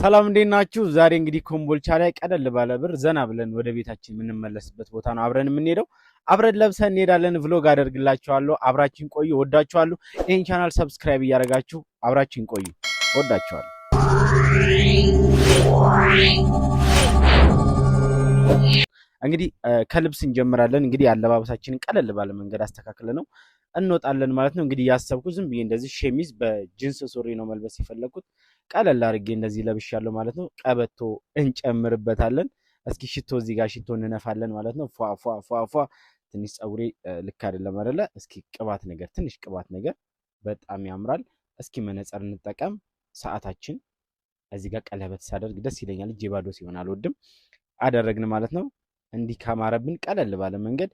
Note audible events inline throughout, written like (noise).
ሰላም እንዴት ናችሁ? ዛሬ እንግዲህ ኮምቦልቻ ላይ ቀለል ባለ ብር ዘና ብለን ወደ ቤታችን የምንመለስበት ቦታ ነው። አብረን የምንሄደው አብረን ለብሰን እንሄዳለን። ቭሎግ አደርግላችኋለሁ። አብራችን ቆዩ። ወዳችኋለሁ። ይህን ቻናል ሰብስክራይብ እያደረጋችሁ አብራችን ቆዩ። ወዳችኋለሁ። እንግዲህ ከልብስ እንጀምራለን። እንግዲህ አለባበሳችንን ቀለል ባለ መንገድ አስተካክለ ነው እንወጣለን ማለት ነው። እንግዲህ ያሰብኩ ዝም ብዬ እንደዚህ ሸሚዝ በጅንስ ሱሪ ነው መልበስ የፈለግኩት ቀለል አድርጌ እንደዚህ ለብሻለሁ ማለት ነው። ቀበቶ እንጨምርበታለን። እስኪ ሽቶ እዚህ ጋር ሽቶ እንነፋለን ማለት ነው። ፏ ፏ ፏ ትንሽ ፀጉሬ ልክ አይደለም አይደለ? እስኪ ቅባት ነገር ትንሽ ቅባት ነገር በጣም ያምራል። እስኪ መነጽር እንጠቀም። ሰዓታችን እዚህ ጋር ቀለበት ሳደርግ ደስ ይለኛል። እጄ ባዶ ሲሆን አልወድም። አደረግን ማለት ነው። እንዲህ ካማረብን ቀለል ባለ መንገድ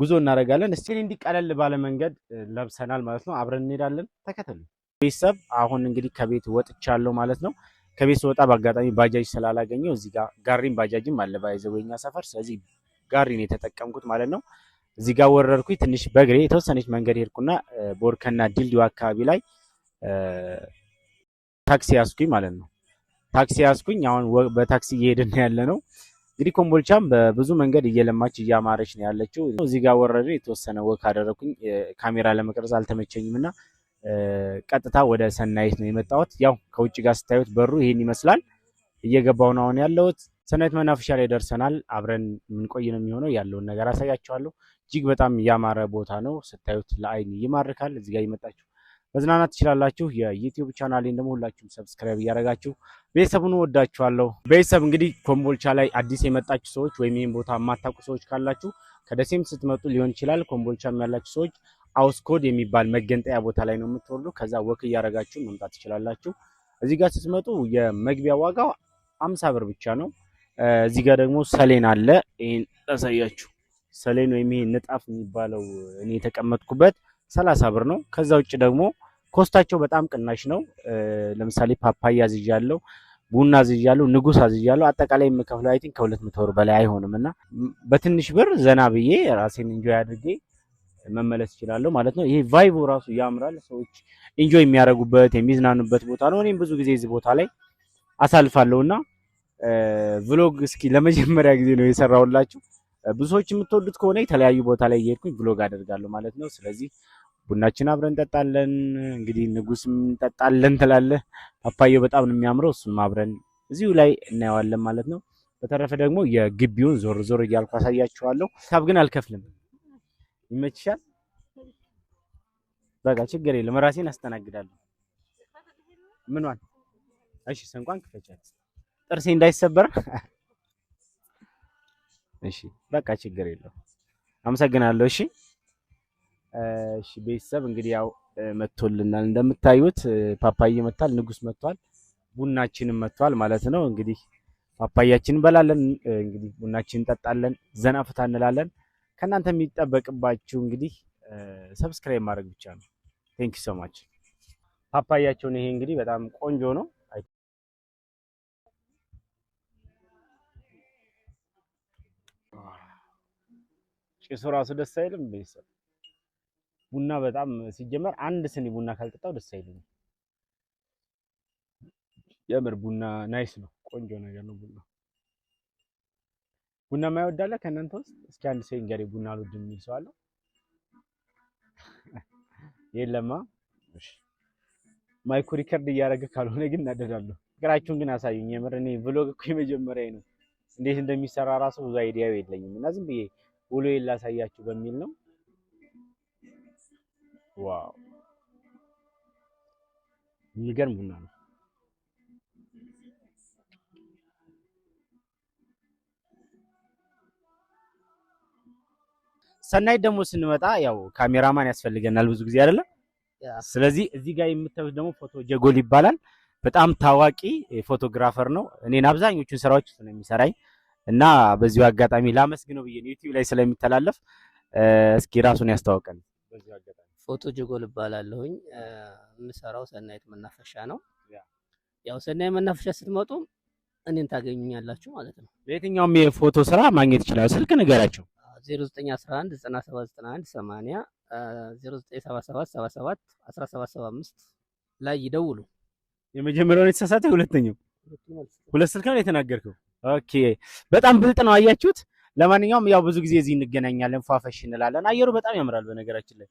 ጉዞ እናደርጋለን። እስቲ እንዲህ ቀለል ባለ መንገድ ለብሰናል ማለት ነው። አብረን እንሄዳለን። ተከተሉ። ቤተሰብ አሁን እንግዲህ ከቤት ወጥቻለሁ ማለት ነው። ከቤት ስወጣ በአጋጣሚ ባጃጅ ስላላገኘው እዚህ ጋር ጋሪም ባጃጅም አለ ባይዘወኛ ሰፈር። ስለዚህ ጋሪን የተጠቀምኩት ማለት ነው። እዚህ ጋር ወረድኩኝ። ትንሽ በእግሬ የተወሰነች መንገድ ሄድኩና ቦርከና ድልድዩ አካባቢ ላይ ታክሲ ያስኩኝ ማለት ነው። ታክሲ ያስኩኝ። አሁን በታክሲ እየሄድን ያለ ነው። እንግዲህ ኮምቦልቻም በብዙ መንገድ እየለማች እያማረች ነው ያለችው። እዚህ ጋር ወረድን። የተወሰነ ወክ አደረግኩኝ። ካሜራ ለመቅረጽ አልተመቸኝም እና ቀጥታ ወደ ሰናይት ነው የመጣሁት። ያው ከውጭ ጋር ስታዩት በሩ ይህን ይመስላል። እየገባሁ ነው አሁን ያለሁት። ሰናይት መናፈሻ ላይ ደርሰናል። አብረን የምንቆይ ነው የሚሆነው። ያለውን ነገር አሳያችኋለሁ። እጅግ በጣም ያማረ ቦታ ነው። ስታዩት ለአይን ይማርካል። እዚህ ጋር መዝናናት ትችላላችሁ። የዩቲዩብ ቻናሌን ደግሞ ሁላችሁም ሰብስክራይብ እያደረጋችሁ ቤተሰቡን ወዳችኋለሁ። ቤተሰብ እንግዲህ ኮምቦልቻ ላይ አዲስ የመጣችሁ ሰዎች ወይም ይህን ቦታ የማታውቁ ሰዎች ካላችሁ ከደሴም ስትመጡ ሊሆን ይችላል፣ ኮምቦልቻም ያላችሁ ሰዎች አውስኮድ የሚባል መገንጠያ ቦታ ላይ ነው የምትወርዱ። ከዛ ወክ እያደረጋችሁ መምጣት ትችላላችሁ። እዚህ ጋር ስትመጡ የመግቢያ ዋጋው አምሳ ብር ብቻ ነው። እዚህ ጋር ደግሞ ሰሌን አለ። ይህን ላሳያችሁ። ሰሌን ወይም ይሄ ንጣፍ የሚባለው እኔ የተቀመጥኩበት ሰላሳ ብር ነው። ከዛ ውጭ ደግሞ ኮስታቸው በጣም ቅናሽ ነው። ለምሳሌ ፓፓያ አዝዣለሁ፣ ቡና አዝዣለሁ፣ ንጉስ አዝዣለሁ። አጠቃላይ የምከፍለው አይቲን ከሁለት መቶ ብር በላይ አይሆንም እና በትንሽ ብር ዘና ብዬ ራሴን እንጆ አድርጌ መመለስ እችላለሁ ማለት ነው። ይሄ ቫይቡ ራሱ ያምራል። ሰዎች ኢንጆይ የሚያደርጉበት የሚዝናኑበት ቦታ ነው። እኔም ብዙ ጊዜ እዚህ ቦታ ላይ አሳልፋለሁ እና ቭሎግ እስኪ ለመጀመሪያ ጊዜ ነው የሰራሁላችሁ። ብዙ ሰዎች የምትወዱት ከሆነ የተለያዩ ቦታ ላይ እየሄድኩኝ ቭሎግ አደርጋለሁ ማለት ነው። ስለዚህ ቡናችን አብረን እንጠጣለን። እንግዲህ ንጉስም እንጠጣለን ትላለህ። ፓፓየው በጣም ነው የሚያምረው። እሱም አብረን እዚሁ ላይ እናየዋለን ማለት ነው። በተረፈ ደግሞ የግቢውን ዞር ዞር እያልኩ አሳያችኋለሁ። ሳብ ግን አልከፍልም። ይመችሻል። በቃ ችግር የለም ራሴን አስተናግዳለሁ። ምኗን? እሺ ሰንቋን ክፈቻት፣ ጥርሴ እንዳይሰበር። እሺ በቃ ችግር የለው። አመሰግናለሁ። እሺ እሺ ቤተሰብ እንግዲህ ያው መጥቶልናል እንደምታዩት ፓፓዬ መጥቷል፣ ንጉስ መጥቷል፣ ቡናችንም መጥቷል ማለት ነው። እንግዲህ ፓፓያችን እንበላለን፣ እንግዲህ ቡናችን እንጠጣለን፣ ዘና እንላለን። ከእናንተ የሚጠበቅባችሁ እንግዲህ ሰብስክራይብ ማድረግ ብቻ ነው። ቴንክ ዩ ሶ ማች። ፓፓያቸውን ይሄ እንግዲህ በጣም ቆንጆ ነው። ጭሱ ራሱ ደስ አይልም። ቤተሰብ ቡና በጣም ሲጀመር አንድ ስኒ ቡና ካልጠጣው ደስ አይልም። የምር ቡና ናይስ ነው። ቆንጆ ነገር ነው ቡና ቡና የማይወድ ከእናንተ ውስጥ? እስኪ አንድ ሰው እንገሪ ቡና አልወድም የሚል ሰው አለ? (laughs) የለማ። እሺ ማይኩ ሪከርድ እያደረገ ካልሆነ ግን እናደዳለሁ። ፍቅራችሁን ግን አሳዩኝ። የምር እኔ ብሎግ እኮ የመጀመሪያ ነው፣ እንዴት እንደሚሰራ ራሱ ብዙ አይዲያው የለኝም እና ዝም ብዬ ውሎ ላሳያችሁ በሚል ነው። ዋው የሚገርም ቡና ነው። ሰናይት ደግሞ ስንመጣ ያው ካሜራማን ያስፈልገናል ብዙ ጊዜ አይደለም። ስለዚህ እዚህ ጋር የምታዩት ደግሞ ፎቶ ጀጎል ይባላል። በጣም ታዋቂ ፎቶግራፈር ነው። እኔን አብዛኞቹን ስራዎች ነው የሚሰራኝ እና በዚሁ አጋጣሚ ላመስግነው ብዬ ዩቲዩብ ላይ ስለሚተላለፍ እስኪ ራሱን ያስተዋውቀን። ፎቶ ጀጎል እባላለሁኝ። የምሰራው ሰናይት መናፈሻ ነው። ያው ሰናይት መናፈሻ ስትመጡ እኔን ታገኙኛላችሁ ማለት ነው። በየትኛውም የፎቶ ስራ ማግኘት ይችላል። ስልክ ንገራቸው 0911979180 ላይ ይደውሉ። የመጀመሪያውን የተሳሳተ ሁለተኛው ሁለት ስልክ ነው የተናገርከው። ኦኬ በጣም ብልጥ ነው። አያችሁት? ለማንኛውም ያው ብዙ ጊዜ እዚህ እንገናኛለን፣ ፏፈሽ እንላለን። አየሩ በጣም ያምራል። በነገራችን ላይ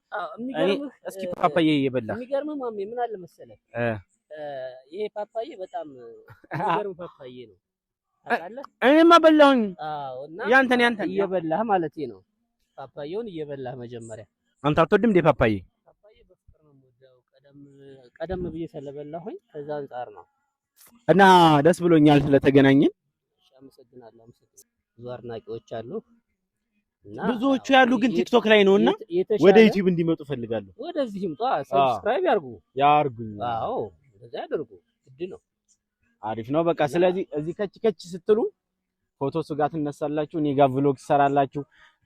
እስኪ ፓፓዬ እየበላ የሚገርምህ ማሜ ምን አለ መሰለህ፣ ይሄ ፓፓዬ በጣም የሚገርም ፓፓዬ ነው። እኔማ በላሁኝ። ያንተን ያንተን እየበላህ ማለት ነው። ፓፓየውን እየበላህ መጀመሪያ። አንተ አትወድም እንዴ ፓፓዬ? ቀደም ብዬ ስለበላሁኝ ከዛ አንጻር ነው። እና ደስ ብሎኛል ስለተገናኘን። አመሰግናለሁ። ብዙ አድናቂዎች አሉ ብዙዎቹ ያሉ ግን ቲክቶክ ላይ ነውና ወደ ዩቲዩብ እንዲመጡ ፈልጋለሁ። ወደዚህም ሰብስክራይብ ያርጉ አዎ ግድ ነው አሪፍ ነው። በቃ ስለዚህ እዚህ ከች ከች ስትሉ ፎቶ ስጋት ትነሳላችሁ፣ እኔ ጋር ቪሎግ ትሰራላችሁ።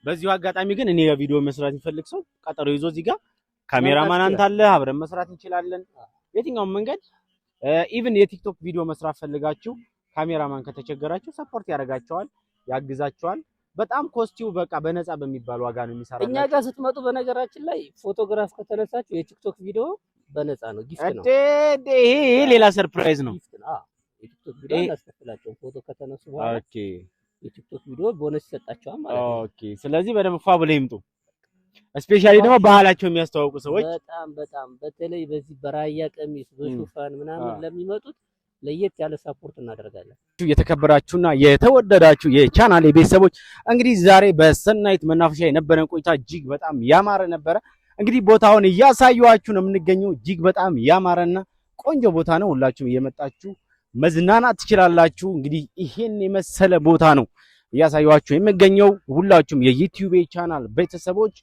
በዚሁ አጋጣሚ ግን እኔ ጋር ቪዲዮ መስራት የሚፈልግ ሰው ቀጠሮ ይዞ እዚህ ጋር ካሜራማን አንተ አለ፣ አብረን መስራት እንችላለን። የትኛውም መንገድ ኢቭን የቲክቶክ ቪዲዮ መስራት ፈልጋችሁ ካሜራማን ከተቸገራችሁ ሰፖርት ያደርጋቸዋል፣ ያግዛቸዋል። በጣም ኮስቲው በቃ በነፃ በሚባል ዋጋ ነው የሚሰራ። እኛ ጋር ስትመጡ በነገራችን ላይ ፎቶግራፍ ከተነሳችሁ የቲክቶክ ቪዲዮ በነፃ ነው፣ ጊፍት ነው። ይሄ ሌላ ሰርፕራይዝ ነው። የቲክቶክ ቪዲዮ እናስከፍላቸውም ፎቶ ከተነሱ በኋላ የቲክቶክ ቪዲዮ ቦነስ ይሰጣቸዋል ማለት ነው። ኦኬ ስለዚህ በደንብ ፏ ብለው ይምጡ። ስፔሻሊ ደግሞ ባህላቸው የሚያስተዋውቁ ሰዎች በጣም በጣም በተለይ በዚህ በራያ ቀሚስ በሹፋን ምናምን ለሚመጡት ለየት ያለ ሳፖርት እናደርጋለን። የተከበራችሁና የተወደዳችሁ የቻናሌ ቤተሰቦች እንግዲህ ዛሬ በሰናይት መናፈሻ የነበረን ቆይታ እጅግ በጣም ያማረ ነበረ። እንግዲህ ቦታውን እያሳየኋችሁ ነው የምንገኘው። እጅግ በጣም ያማረና ቆንጆ ቦታ ነው። ሁላችሁም እየመጣችሁ መዝናናት ትችላላችሁ። እንግዲህ ይሄን የመሰለ ቦታ ነው እያሳያችሁ የሚገኘው። ሁላችሁም የዩቲዩብ ቻናል ቤተሰቦች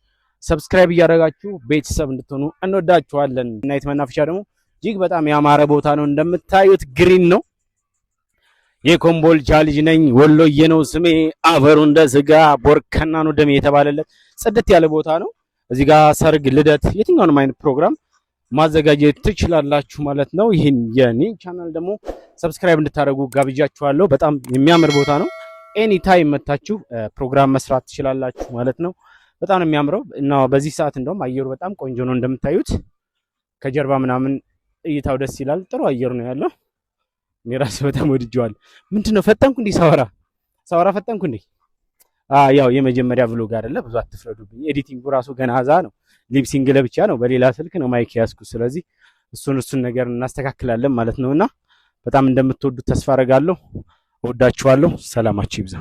ሰብስክራይብ እያደረጋችሁ ቤተሰብ እንድትሆኑ እንወዳችኋለን። ናይት መናፈሻ ደግሞ እጅግ በጣም ያማረ ቦታ ነው። እንደምታዩት ግሪን ነው። የኮምቦልቻ ልጅ ነኝ፣ ወሎዬ ነው ስሜ፣ አፈሩ እንደ ስጋ ቦርከና ነው ደሜ የተባለለት ጽድት ያለ ቦታ ነው። እዚህ ጋር ሰርግ፣ ልደት፣ የትኛውንም አይነት ፕሮግራም ማዘጋጀት ትችላላችሁ ማለት ነው። ይህን የኔ ቻናል ደግሞ ሰብስክራይብ እንድታደርጉ ጋብዣችኋለሁ። በጣም የሚያምር ቦታ ነው። ኤኒ ታይም መታችሁ ፕሮግራም መስራት ትችላላችሁ ማለት ነው። በጣም ነው የሚያምረው እና በዚህ ሰዓት እንደውም አየሩ በጣም ቆንጆ ነው እንደምታዩት ከጀርባ ምናምን እይታው ደስ ይላል። ጥሩ አየር ነው ያለው። እኔ ራሴ በጣም ወድጀዋል። ምንድን ነው ፈጠንኩ እንዲህ ሳወራ ሳወራ ፈጠንኩ እንዲህ። ያው የመጀመሪያ ብሎግ አይደለ፣ ብዙ አትፍረዱብኝ። ኤዲቲንጉ ራሱ ገና አዛ ነው። ሊፕሲንግ ለብቻ ነው፣ በሌላ ስልክ ነው ማይክ ያዝኩት። ስለዚህ እሱን እሱን ነገር እናስተካክላለን ማለት ነውና በጣም እንደምትወዱት ተስፋ አረጋለሁ። እወዳችኋለሁ። ሰላማችሁ ይብዛ።